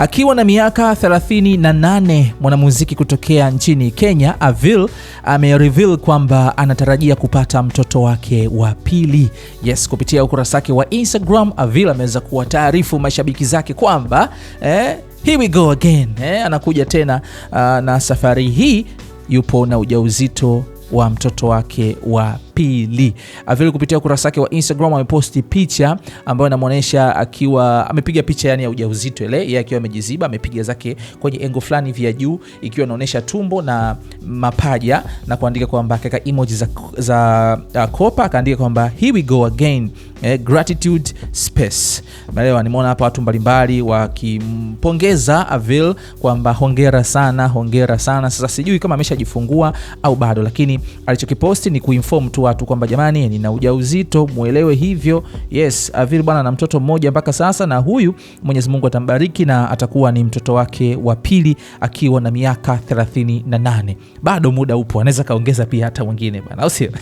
Akiwa na miaka 38, mwanamuziki kutokea nchini Kenya Avril amereveal kwamba anatarajia kupata mtoto wake wa pili. Yes, kupitia ukurasa wake wa Instagram Avril ameweza kuwataarifu mashabiki zake kwamba eh, here we go again eh, anakuja tena uh, na safari hii yupo na ujauzito wa mtoto wake wa pili. Vile kupitia ukurasa wake wa Instagram ameposti picha ambayo inamwonyesha akiwa amepiga picha yani ya ujauzito ile, yeye akiwa amejiziba, amepiga zake kwenye engo fulani vya juu, ikiwa inaonyesha tumbo na mapaja na kuandika kwamba kaka emoji za, za uh, kopa akaandika kwamba here we go again eh, gratitude space. Maelewa, nimeona hapa watu mbalimbali wakimpongeza avil kwamba hongera sana, hongera sana. Sasa sijui kama ameshajifungua au bado, lakini alichokiposti ni kuinform tu watu kwamba jamani, nina ujauzito, muelewe hivyo. Yes, Avil bwana na mtoto mmoja mpaka sasa, na huyu Mwenyezi Mungu atambariki na atakuwa ni mtoto wake wa pili akiwa na miaka 38. Bado muda upo, anaweza kaongeza pia hata mwingine bwana, au sio?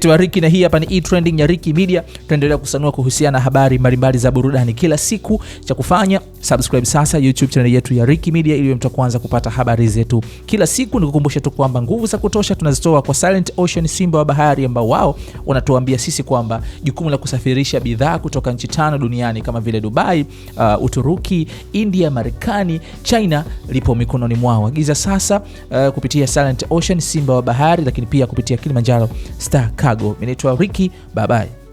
Tuariki na hii hapa ni e-trending ya Ricky Media. Tuendelea kusanua kuhusiana na habari mbalimbali za burudani kila siku. Cha kufanya subscribe sasa YouTube channel yetu ya Ricky Media ili mtu kuanza kupata habari zetu kila siku. Nikukumbusha tu kwamba nguvu za kutosha tunazitoa kwa Silent Ocean, Simba wa bahari ambao wao wanatuambia sisi kwamba jukumu la kusafirisha bidhaa kutoka nchi tano duniani kama vile Dubai, uh, Uturuki, India, Marekani, China lipo mikononi mwao. Agiza sasa uh, kupitia Silent Ocean, Simba wa Bahari, lakini pia kupitia Kilimanjaro Star Cargo. Mimi naitwa Ricky, bye bye.